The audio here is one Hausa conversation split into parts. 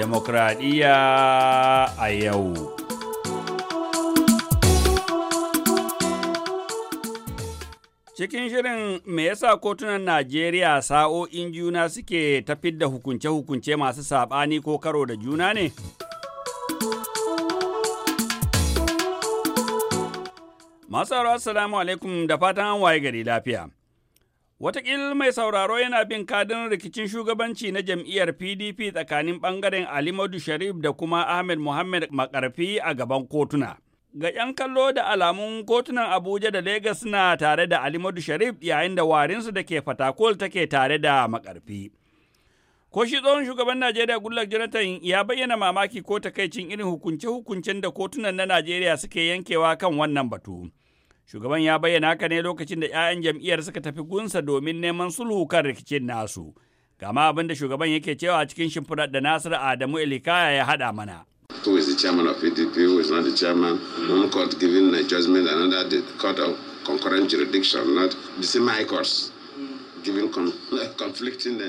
demokradiyya a yau. Cikin shirin me yasa kotunan Najeriya sa'o'in juna suke tafi da hukunce-hukunce masu saɓani ko karo da juna ne? Masu salamu alaikum da fatan an waye gari lafiya. Wataƙil mai sauraro yana bin kadin rikicin shugabanci na jam'iyyar PDP tsakanin ɓangaren Alimadu Sharif da kuma Ahmed Muhammad Makarfi a gaban kotuna. Ga ‘yan kallo da alamun kotunan Abuja da Legas suna tare da Alimadu Sharif yayin da warinsu da ke Fatakol take tare da Makarfi. Ko shi tsohon shugaban Najeriya Gullak Jonathan ya bayyana mamaki ko takaicin irin hukunce-hukuncen da kotunan na Najeriya suke yankewa kan wannan batu. Shugaban ya bayyana haka ne lokacin da 'ya'yan jam'iyyar suka tafi gunsa domin neman sulhu kan rikicin nasu. Gama abin da shugaban yake cewa a cikin shimfiɗar da Nasiru Adamu Ilikaya ya haɗa mana. Who is the chairman of PDP? E Who is not the chairman? One court giving a judgment, another the court of concurrent jurisdiction, not the semi courts giving conflicting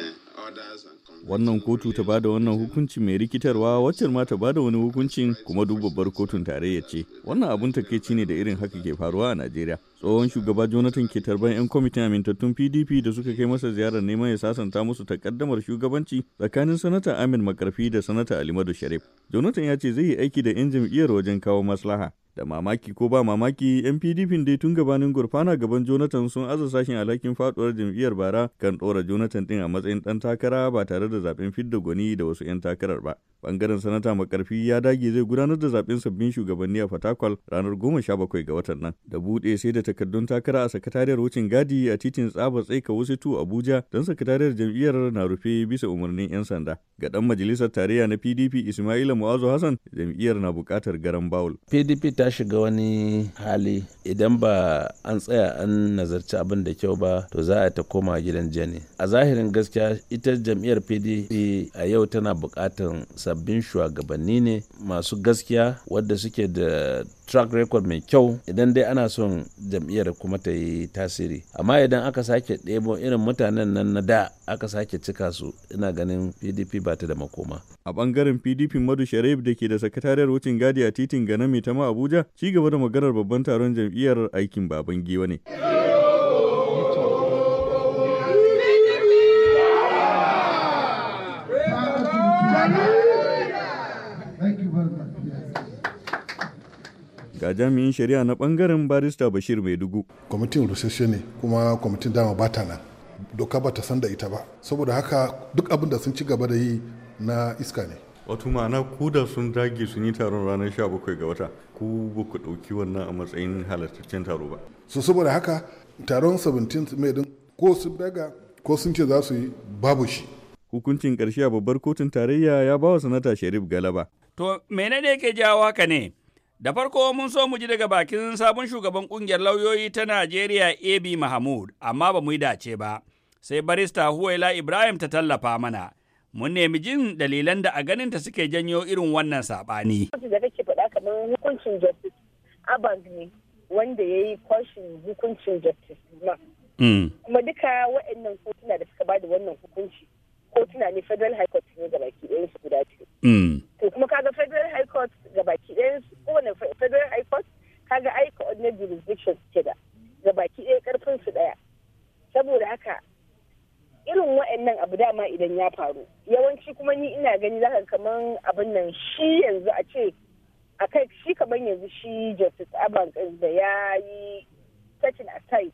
orders. And wannan kotu ta bada wannan hukunci mai rikitarwa waccan ma ta bada wani hukuncin kuma duk babbar kotun tarayya ce wannan abun takeici ne da irin haka ke faruwa a Najeriya tsohon shugaba Jonathan ke tarban yan kwamitin amintattun PDP da suka kai masa ziyarar neman ya sasanta musu takaddamar shugabanci tsakanin sanata Amin Makarfi da sanata Alimadu Sharif Jonathan ya ce zai yi aiki da yan jam'iyyar wajen kawo maslaha da mamaki ko ba mamaki yan pdp dai tun gabanin gurfana gaban jonathan sun aza sashen alhakin faduwar jam'iyyar bara kan ɗora jonathan din a matsayin ɗan takara ba tare da zaben fidda gwani da wasu 'yan takarar ba Bangaren sanata makarfi ya dage zai gudanar da zaben sabbin shugabanni a Fatakwal ranar 17 ga watan nan. Da buɗe sai da takardun takara a sakatariyar wucin gadi a titin tsaba tsaika wasu tu Abuja don sakatariyar jam'iyyar na rufe bisa umarnin 'yan sanda. Ga dan majalisar tarayya na PDP Ismaila Mu'azu Hassan jam'iyyar na bukatar garan bawul. PDP ta shiga wani hali idan ba an tsaya an nazarci abin da kyau ba to za a ta koma gidan jani. A zahirin gaskiya ita jam'iyyar PDP a yau tana buƙatar sabbin shugabanni ne masu gaskiya wadda suke da track record mai kyau idan dai ana son jam'iyyar kuma ta yi tasiri amma idan aka sake ɗebo irin mutanen nan na da aka sake cika su ina ganin pdp ba ta da makoma a bangaren pdp madu sharif da ke da sakatariyar wucin gadi a titin ganami ta ma abuja ci gaba da maganar babban taron jam'iyyar aikin baban ne ga jami'in shari'a na bangaren barista bashir mai dugu kwamitin rusasshe ne kuma kwamitin dama ba ta nan doka ba ta san da ita ba saboda haka duk abin da sun ci gaba da yi na iska ne wato ma'ana ku da sun dage sun yi taron ranar 17 ga wata ku ba ku ɗauki wannan a matsayin halartaccen taro ba so saboda haka taron 17 mai din ko sun daga ko sun ce za su yi babu shi hukuncin ƙarshe a babbar kotun tarayya ya ba wa sanata sharif galaba to menene ke jawo haka ne Da farko mun so mu ji daga bakin sabon shugaban kungiyar lauyoyi ta Najeriya AB Mahmud, amma ba mu yi dace ba. Sai barista Huwaila Ibrahim ta tallafa mana. Mun nemi jin dalilan da a ganin ta suke janyo irin wannan saɓani. da kake faɗa kamar hukuncin justice abang ne wanda ya yi kwashin hukuncin justice ma. Mm. Kuma duka waɗannan kotuna da suka ba da wannan hukunci kotuna ne federal high court ne gabaki ɗayan su guda biyu. Mm. idan ya faru yawanci kuma ni ina gani zaka kaman abin nan shi yanzu a ce a kai shi kaman yanzu shi justice abang da ya yi setting aside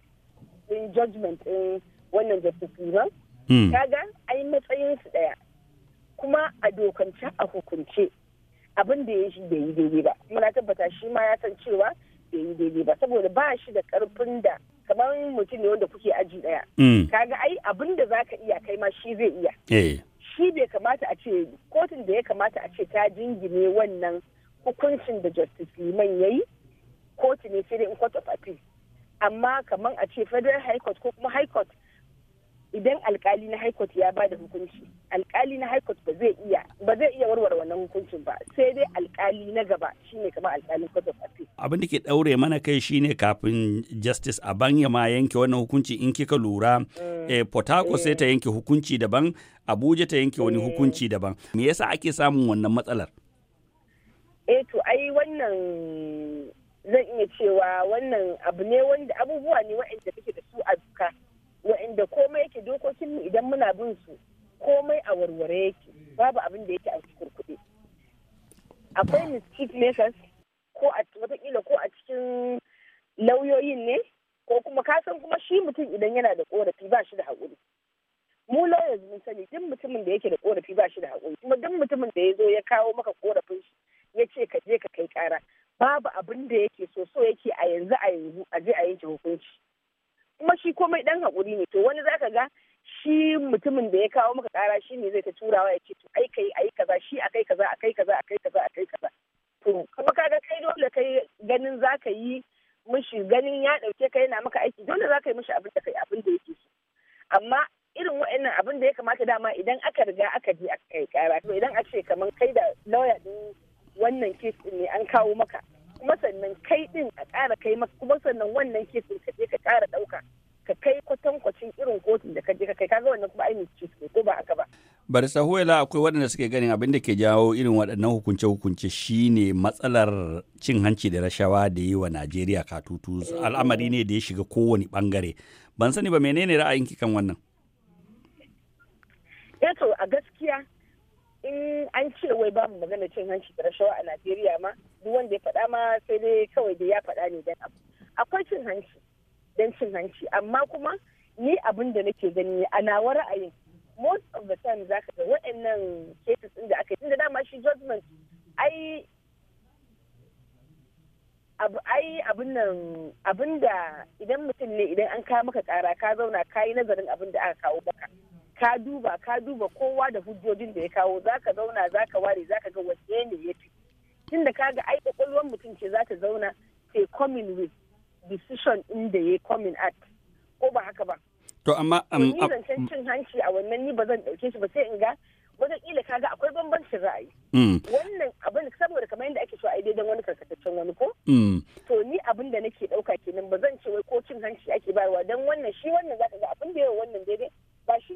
in judgment in wannan justice liman hmm. kaga ai matsayin su daya kuma a dokance a hukunce abin da ya shi bai yi daidai ba muna tabbata shi ma ya san cewa bai yi daidai ba saboda ba shi da karfin da kamar mutum ne wanda kuke aji daya mm. kaga ai abin da zaka iya kai ma shi zai iya eh. shi bai kamata a ce kotun da ya kamata a ce ta jingine wannan hukuncin da justice liman ya yi kotu ne sai dai in court of appeal amma kamar a ce federal high court ko kuma high court idan alkali na high ya ba da hukunci alkali na high court ba zai iya ba zai iya warware wannan hukuncin ba sai dai alkali na gaba shine kamar alkalin court of appeal abin da ke daure mana kai shine kafin justice ya ma yanke wannan hukunci in kika lura mm. eh, port sai ta eh. yanke hukunci daban abuja ta yanke wani eh. hukunci daban me yasa ake samun wannan matsalar eh to ai wannan zan iya cewa wannan abu ne wanda abubuwa ne waɗanda kake da su a duka wa'inda komai yake dokokin mu idan muna bin su komai a warware yake babu abin da yake a kuɗi akwai mistake makers ko a watakila ko a cikin lauyoyin ne ko kuma kasan kuma shi mutum idan yana da korafi ba shi da haƙuri mu lawyers mun sani duk mutumin da yake da korafi ba shi da haƙuri kuma duk mutumin da ya zo ya kawo maka korafin shi ya ce ka je ka kai kara babu abin da yake so so yake a yanzu a yanzu a je a yanke hukunci kuma shi komai dan hakuri ne to wani zaka ga shi mutumin da ya kawo maka kara shi ne zai ta turawa ya ce to ai kai ai kaza shi akai kaza akai kaza akai kaza akai kaza to kuma kaga kai dole kai ganin zaka yi mishi ganin ya dauke ka yana maka aiki dole zaka yi mishi abin da kai abin da yake so amma irin wa'annan abin da ya kamata dama idan aka riga aka je aka kai kara to idan a ce kaman kai da lawyer din wannan case ne an kawo maka kuma sannan kai din ka ƙara kai maka kuma sannan wannan kesin ka je ka kara ɗauka ka kai kwatankwacin irin kotun da ka je ka kai kaga wannan kuma ainihin cikin ko ba haka ba. bari sahuela akwai waɗanda suke ganin abin da ke jawo irin waɗannan hukunce-hukunce shine matsalar cin hanci da rashawa da yi wa najeriya katutu al'amari ne da ya shiga kowane bangare ban sani ba menene ra'ayinki kan wannan. eto eh a gaskiya in an ce wai ba mu magana cin hanci da rashawa a Najeriya ma duk wanda ya faɗa ma sai dai kawai da ya faɗa ne dan abu akwai cin hanci dan cin hanci amma kuma ni abin da nake gani a nawa ra'ayin most of the time zaka ga wa'annan cases din da aka yi da dama shi judgment ai abu ai abin nan abin da idan mutum ne idan an kawo maka kara ka zauna ka yi nazarin abin da aka kawo maka ka duba ka duba kowa da hujjojin da ya kawo zaka zauna zaka ware zaka ga wanne ne ya fi ka kaga ai kwakwalwar mutum ce za ta zauna sai coming with decision in da ya coming at ko ba haka ba to amma um, ni um, zancen um, cin hanci a wannan ni ba zan dauke shi ba sai in ga wajen ila kaga akwai bambancin ra'ayi mm. wannan abin saboda kamar yadda ake so ai daidan wani karkataccen wani ko mm. to ni abin da nake dauka kenan ba zan ce wai ko cin hanci ake bayarwa dan wannan shi wannan zaka ga abin da yawa wannan daidai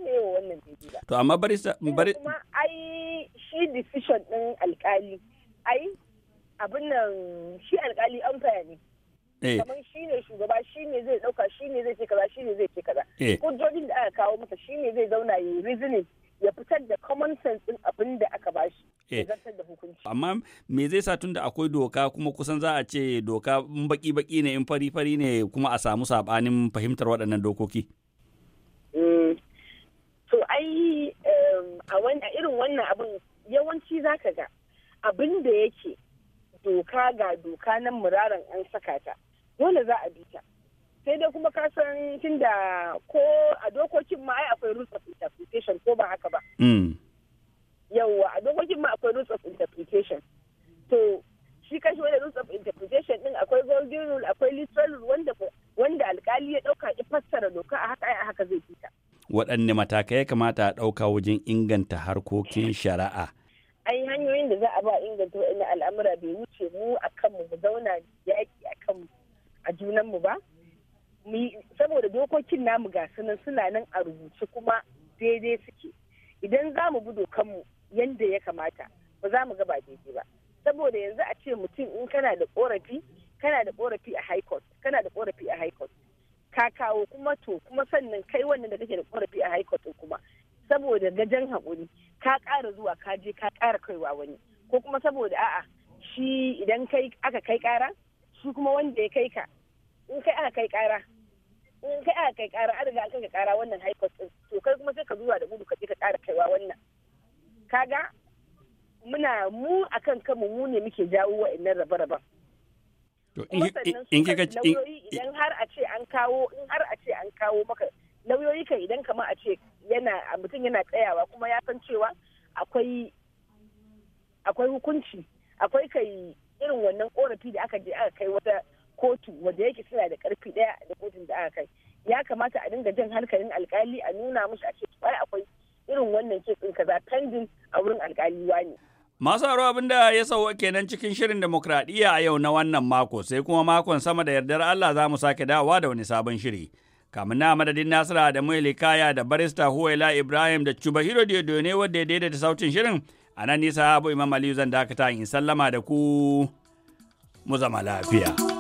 ne wa wannan daidai ba. To amma bari bari kuma ai shi decision din alkali ai abin nan shi alkali an faya ne. Eh. kamar shi ne shugaba shi ne zai dauka shi ne zai ce kaza shi ne zai ce kaza eh. hujjojin da aka kawo masa shi ne zai zauna ya yi reasoning ya fitar da common sense din abin da aka bashi eh. zartar da hukunci amma me zai sa tun da akwai doka kuma kusan za a ce doka baki baki ne in fari fari ne kuma a samu sabanin fahimtar waɗannan dokoki ai a irin wannan abin yawanci zaka ga abin da yake doka ga doka nan muraran an saka ta dole za a bi ta sai dai kuma ka san tunda ko a dokokin ma ai akwai rules of interpretation ko ba haka ba mm. yawwa a dokokin ma akwai rules of interpretation waɗanne matakai ya kamata a ɗauka wajen inganta harkokin shari'a. Ai hanyoyin da za a ba inganta wani al'amura bai wuce mu a kanmu mu zauna yaƙi a kanmu a junanmu ba. Saboda dokokin namu ga sunan suna nan a rubuce kuma daidai suke. Idan za mu bi dokanmu yadda ya kamata ba za mu gaba daidai ba. Saboda yanzu a ce mutum in kana da korafi kana da ƙorafi a high kana da korafi a high court ka kawo kuma to kuma sannan kai wannan da kake da ƙorafi a haikotin kuma saboda gajen haƙuri ka ƙara zuwa ka je ka ƙara kaiwa wani ko kuma saboda a'a shi idan kai aka kai ƙara shi kuma wanda ya kai ka in kai aka kai ƙara in kai aka kai ƙara an riga aka kai ƙara wannan haikotin to kai kuma sai ka zuwa da gudu ka je ka ƙara kaiwa wannan kaga muna mu akan kanmu mu ne muke jawo wa'annan rabe-raben in kika idan har a ce an kawo in har a ce an kawo maka lauyoyi kan idan kama a ce yana mutum yana tsayawa kuma ya san cewa akwai akwai hukunci akwai kai irin wannan korafi da aka je aka kai wata kotu wanda yake suna da karfi daya da kotun da aka kai ya kamata a dinga jin hankalin alkali a nuna musu a ce akwai irin wannan kesin kaza pending a wurin alkali wani. Masu haro abin da ya sauwa kenan cikin shirin demokradiyya a yau na wannan mako sai kuma makon sama da yardar Allah za mu sake dawowa da wani sabon shiri. Kamun na madadin Nasira da Maili Kaya da barista Huwaila Ibrahim da Cuba Hiro ne wadda ya daidaita sautin shirin a nan nisa Abu Imam Aliyu zan dakata in sallama da ku mu zama lafiya.